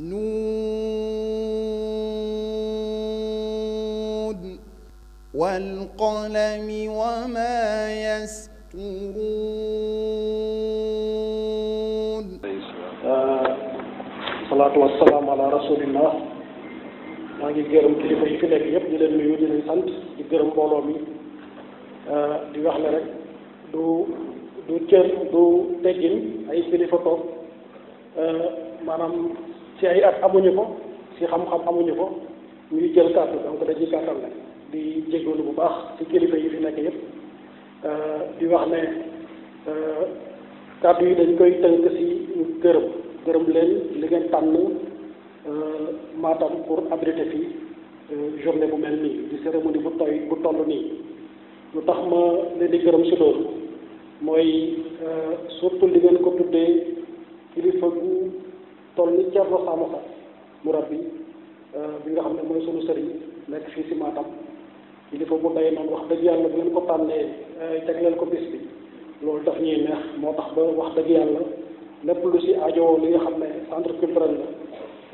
نون والقلم wa ma ala rasulillah maa ngi gërëm kilifa yi fi nekk di leen euh, wax du du ay kilifa toog euh, ci ay at amuñu ko ci xam-xam amuñu ko ñuy jël kàddu donc dañuy gàttal la di jégalu bu baax ci kilifa yi fi nekk yëpp euh, di wax ne euh, kàddu yi dañ koy tënk ci gërëm gërëm leen li ngeen tànn euh, Matam pour abriter fii journée bu mel nii di cérémonie bu toy toll nii lu tax ma leen di gërëm ci loolu mooy surtout li ngeen ko tuddee kilifa gu toll ni Thierno Sama Fall mu rabbi bi euh, bi nga xam ne mooy sunu sëriñ nekk fii si Matam kilifa bu day noonu wax dëgg yàlla bu ngeen ko tànnee euh, jagleel loolu daf ñuy neex moo tax ba wax dëgg yàlla lépp lu si ajowoo li nga xam ne centre culturel la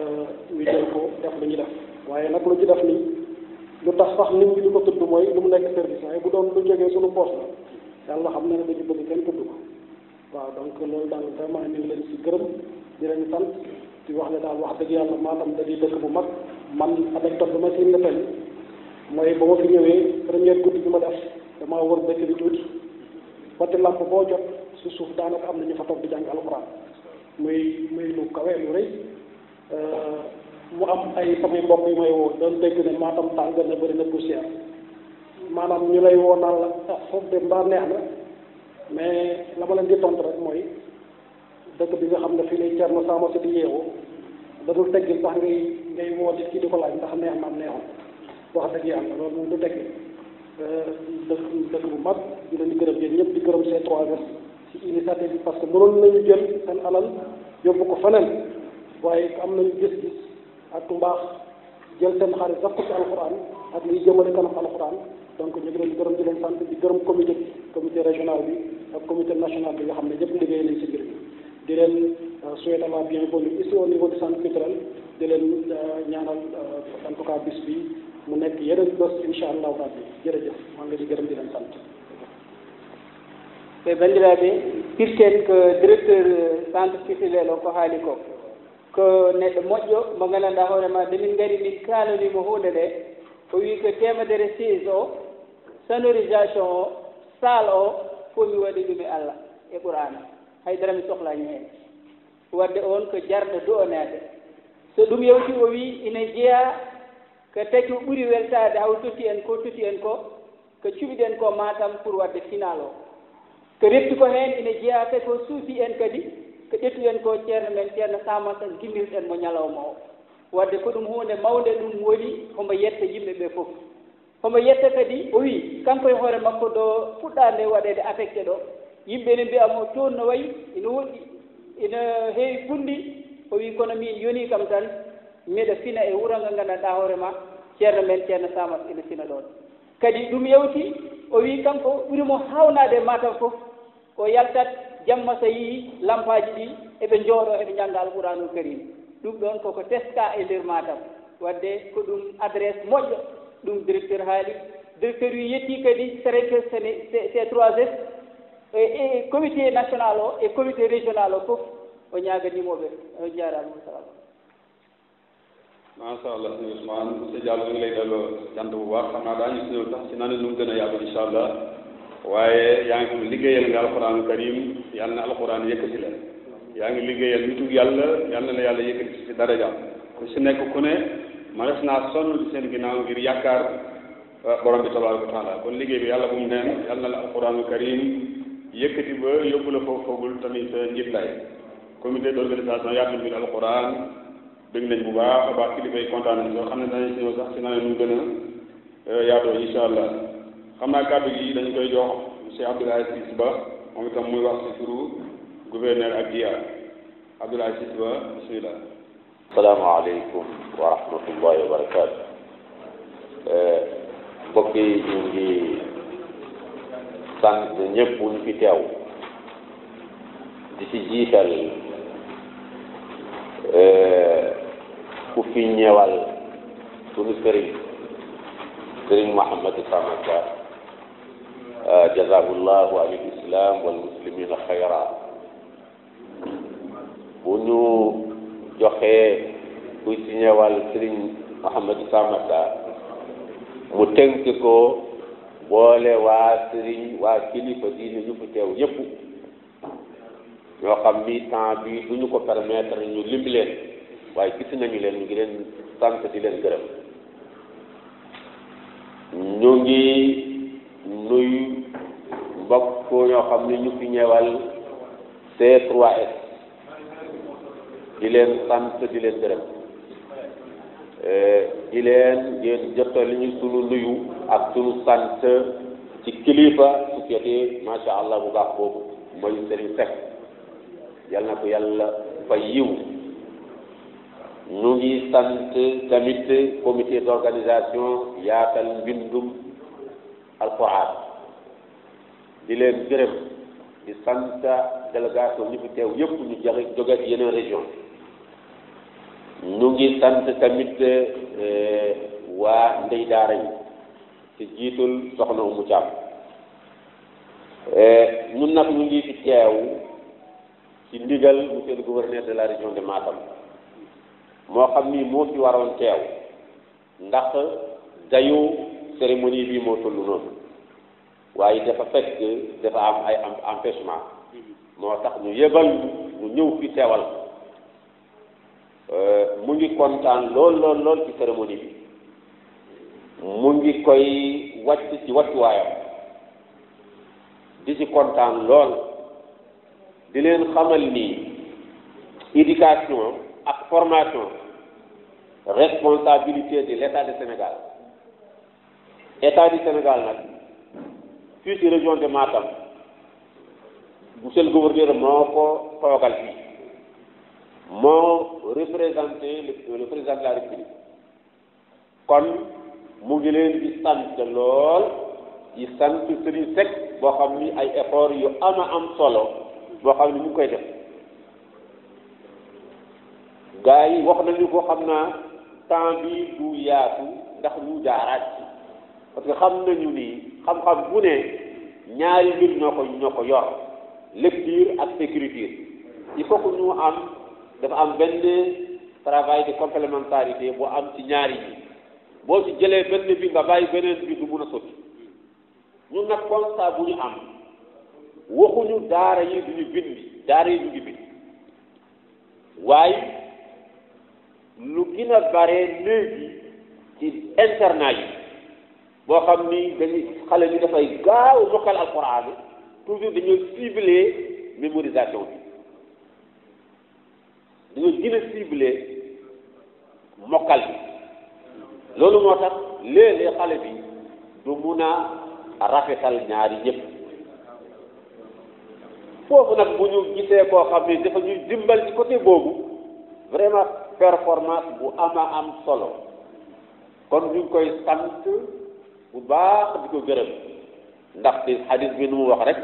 euh, ñu jël ko def lu ñu waaye nag lu ci def nii lu tax sax nit ñi di ko tudd mooy lu mu nekk service waaye bu doon lu jógee suñu poos la yàlla xam na ne dañu bëgg kenn tudd ko waaw donc loolu daal vraiment ñu ngi leen si gërëm di leen di wax ne daal wax dëgg yàlla Matam da di dëkk bu mag man anecdote bi ma si nettali mooy ba ma fi ñëwee première guddi bi ma def damaa wër dëkk bi tuuti wati lamp boo jot su suuf daanaka am na ñu fa toog di jàng alxuraan muy muy lu kawe lu rëy euh, mu am ay samay mbokk yu may woo doon dégg ne Matam tàng na bëri na poussière maanaam ñu lay woo la ah foofu de mbaa neex na mais la ma leen di tontu rek mooy. dëkk bi nga xam na fi lay Thierno Sama si di yeewu dadul teggil sax ngay ngay woote kii di ko laaj ndax neex naam neexul wax dëgg yàlla loolu moom du teggil euh, di leen di gërëm yéen ñëpp di gërëm ces trois vers ci initiative bi parce que mënoon nañu jël seen alal yóbbu ko feneen waaye am nañu gis-gis ak mbaax jël seen xaalis daf ko ci alxuraan ak liy jëmale kanam alxuraan donc ñu ngi gërëm di leen sant di gërëm comité bi comité régional bi ak comité national bi nga xam ne ñëpp liggéey nañ ci mbir di leen euh, souhaiter la bienvenue ici au niveau du centre culturel di leen euh, ñaanal euh, en mu nekk yeneen bés incha allahu rabbi jërëjëf maa di gërëm di leen sant. ɓe banndiraaɓe pirten ko directeur centre culturel o ko haali ko ko neɗɗo moƴƴo mo nganndanɗaa hoore ma nde min ngari min kaalaniimo huunde nde o wii ko temedere sise o sonorisation o salle o fof mi waɗi ɗum e allah e ɓurana haydara mi sohlani hen wadde on ko jarɗo do'onade so ɗum yewti o wi ina jeeya ko taki ɓuuri weltade haw toti en ko toti en ko ko cuɓiɗen ko matam pour wadde final o ko refti ko hen ina jeeya tawi ko suufi en kadi ko ƴettuɗen ko ceerno men ceerno samata gimbirɗen mo ñalawma o wadde ko ɗum hunde mawde ɗum woni homo yetta yimɓe ɓe foof homo yetta kadi o wi kanko e hoore makko ɗo fuɗɗa nde waɗede affecté ɗo yimɓe ne mbiya mo toon no wayi ina woɗɗi ina o wii kono min yoni kam tan mbiɗa fina e wura nga nganndanɗaa hoore ma ceerno men ceerno samas ina fina ɗoon kadi ɗum yewti o wii kanko ɓuri mo hawnaade e mataw fof o yaltat jamma so yii lampaaji ɗi eɓe njooɗo eɓe njannga alqouranul karim ɗum ɗon koko teska e ndeer mataw wadde ko ɗum adresse moƴƴo ɗum directeur haali directeur wi yettii kadi sere ses trois s e, e comité national o e comité régional o fof o ñaaganimoɓe o jaarama salamu macha allah sëñ Ousmane monsieur Diallo ñu ngi lay delloo sant bu baax xam naa daañu si ñëw sax si naan nu mu gën a yàgg incha allah waaye yaa ngi fi liggéeyal nga alxuraan karim yal na alxuraan yëkkati la yaa ngi liggéeyal nitu yàlla yal na la yàlla yëkkati si daraja ku si nekk ku ne ma des naa sonn seen ginnaaw ngir yaakaar ah, borom bi tabaaraka wa taala kon liggéey bi yàlla bu mu neen yal na la yëkkati ba yóbbu la foofu foogul tamit euh, njiitlaay comité d' organisation yaatal mbir alquran dégg nañ bu baax a baax kilifa yi kontaan nañ loo xam ne danañ si ñëw sax si nawet mu gën a euh, yaatoo incha allah xam naa kàddu gi dañ koy jox monsieur Abdoulaye Ciss Ba moom itam muy wax si turu gouverneur ak DIA Abdoulaye Ciss Ba bismillah. salaamaaleykum wa rahmatullahi wa barakaatu. Euh, mbokk yi ñu ngi. sant ñëpp ñu fi teew di ci jiital eh, ku fi ñëwal sunu sëriñ sëriñ Mouhamad Samaka eh, jazahullahu an il islam wal muslimina xayra bu ñu joxee ku ci ñëwal sëriñ Mouhamad Samaka mu tënk ko boole waa sëriñ waa kilifa diine ñu fi teew yépp ñoo xam ni temps bi du ñu ko permettre ñu lim leen waaye gis nañu leen ngi leen sant di leen gërëm ñu ngi nuy mbokk ñoo xam ni ñu fi ñëwal c 3 di leen sant di leen gërëm eh, di leen ngeen jottali ñu sunu nuyu ak sunu sant ci kilifa société macha allah bu baax boobu mooy Serigne Seck yal na ko yàlla fa yiw ñu ngi sant tamit comité d'organisation yaatal mbindum alquran di leen gërëm di sant délégation ñi fi teew ñu jaxe jóge yeneen région ñu ngi sant tamit euh, waa ndey daara te jiitul soxna mu càmm eh, ñun nag ñu ngi fi teew ci ndigal monsieur le gouverneur de la région de Matam moo xam ni moo fi waroon teew ndax dayu cérémonie bi moo toll noonu waaye dafa fekk dafa am ay empêchement moo tax ñu yëgal ñu ñëw fi teewal eh, mu ngi kontaan lool lool lool ci cérémonie bi mu ngi koy wàcc ci wàccuwaayam di ci kontaan lool di leen xamal ni éducation ak formation responsabilité de l'état du Sénégal état du Sénégal nag fii ci région de Matam moo ko toogal fii moo représenté le président de la République kon mu ngi leen di sant lool di sant Serigne Seck boo xam ni ay effort yu ama am solo boo xam ni mu ngi koy def gaa yi wax nañu ko xam naa temps bi du yaatu ndax ñu jaaraat ci parce que xam nañu ni xam-xam bu ñaari mbir ñoo ko ñoo ko yor lecture ak écriture il faut ñu am dafa am benn travail de complémentarité bu am ci ñaari boo ci jëlee benn bi nga bàyyi beneen bi du mun a sotti ñu nag constat bu ñu am waxuñu daara yi du ñu bind daara yi ñu ngi waaye lu gën a bare léegi ci internat yi boo xam ni dañuy xale bi dafay gaaw mokkal alquran bi toujours dañoo ciblé mémorisation bi dañoo gën a ciblé mokkal bi loolu moo tax léeg-léeg xale bi du mun a rafetal ñaari ñëpp foofu nag bu ñu gisee koo xam ne dafa ñuy dimbal ci côté boobu vraiment performance bu a am solo kon ñu koy sant bu baax di ko gërëm ndaxte xadis bi nu mu wax rek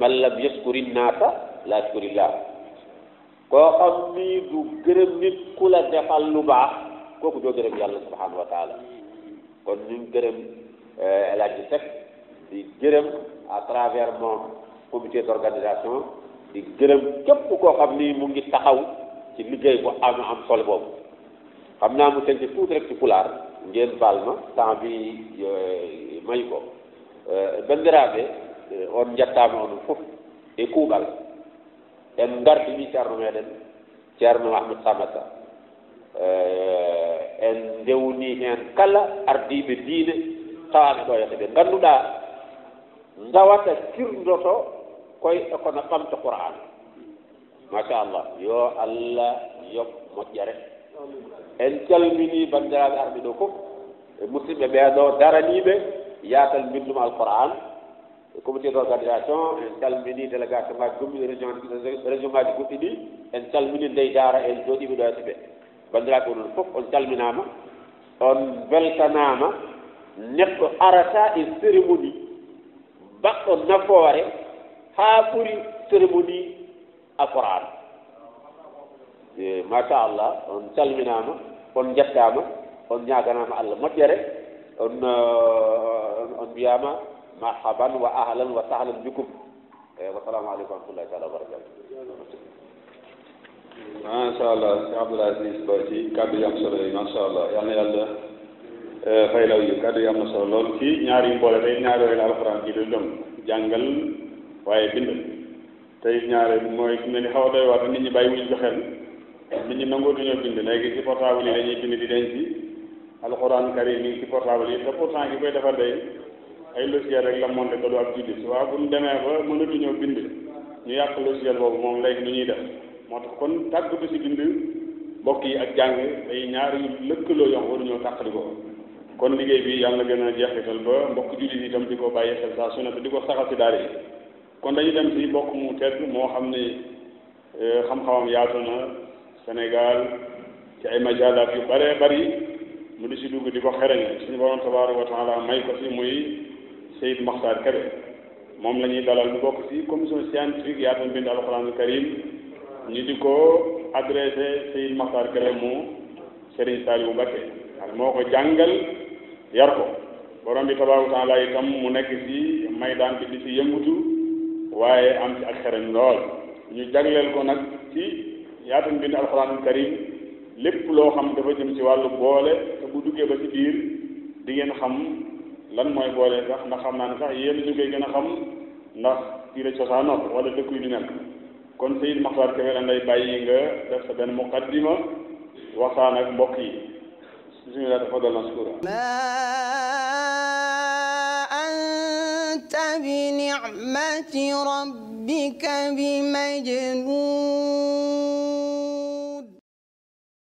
man yaskuri naasa la yaskuri llah koo xam ni du gërëm nit ku la defal lu baax kooku doo gërëm yàlla subhanahu wa kon ñu gërëm euh, El Hadji Seck di gërëm à travers mon comité d'organisation di gërëm képp koo xam ni mu ngi taxaw ci liggéey bu am am solo boobu xam naa mu tënk tuuti rek ci ngeen baal ma temps bi euh, may ko euh, bandiraɓe on jettama onon fof e kuuɓal en gardini ceerno meɗen ceerno ahmad samata en ndewni hen kala ardiɓe diine tawan ɗo yata ɓe ngannduɗa dawata kirdoto koye e kono ɓamta qouran machallah yo allah yob moƴƴere en calmini bandiraɓe arɓe ɗo fof e musidɓe ɓeɗo e organisation en calmini délégation ngaji gommi région région ngaji goɗɗi ɗi en calmini ndey daara en jooɗiɓe ɓe bandiraɓe onon fof on calminama on beltanama neɗɗo arata e cérémonie baɗɗo nafoore haa ɓuri cérémonie alqouran eh, machallah on calminama on jettama on ñaganama allah moƴƴere on eh, on mbiyama marhaban wa ahlan wa sahlan bikum eyi eh, wassalamu aleykum wa rahmatullahi taala wa barakatu macha allah si Abdul Ba ci kàddu yi am solo yi allah yal na yàlla eh, fay law yu kàddu yi am na solo lool ci ñaar yu mboole tey ñaar yooyu la alxuraan waaye bind tey ñaare mooy ne ni xaw a doy waar nit ñi bàyyi wuñ ko nit ñi nangootuñoo bind léegi ci portable yi dañuy bind di denc alxuraan karim yi ci portable yi te pourtant gi koy defar day ay logiciel rek la monté ko du ab jullit waaw bu ñu demee ba mënatuñoo bind ñu yàq logiciel boobu moom léegi nu ñuy def moo tax kon tàggatu ci bind mbokk yi ak jàng ay ñaari lëkk loo yoo waruñoo tàqali ko kon liggéey bi yàlla na gën a jeexital ba mbokk jullit itam di ko bàyyi xel saa su ne te di ko saxal si daal yi kon dañu dem si bokk mu tedd moo xam ne eh, xam-xamam yaatu na Sénégal ci ay majaalaat yu bare bari mu di ci dugg di ko xereñ suñu borom tabaaraka wa taala may ko si muy Seyid Maxtaar Kebe moom la dalal mu bokk si commission scientifique yaatal mbind ñu di ko adressé Seydi Maxtaar Kele mu Serigne Saliou Mbacké ak moo ko jàngal yar ko borom bi tabaaraka wa taala itam mu nekk ci maydaan bi di ci yëngutu waaye am ci ak xereñ lool ñu jagleel ko nag ci yaatam bind alxuraanul karim lépp loo xam dafa jëm ci wàllu boole te bu duggee ba ci biir di ngeen xam lan mooy boolee sax ndax xam naa ne sax yéen ñu koy gën a xam ndax fii la cosaanoo wala dëkk yu nekk kon Seydi Maxtaar Kébé dañ lay bàyyi nga def sa benn muqaddima waxtaan ak mbokk yi bismillah tafadal maskuura ma anta bi ni'mati rabbika bi majnun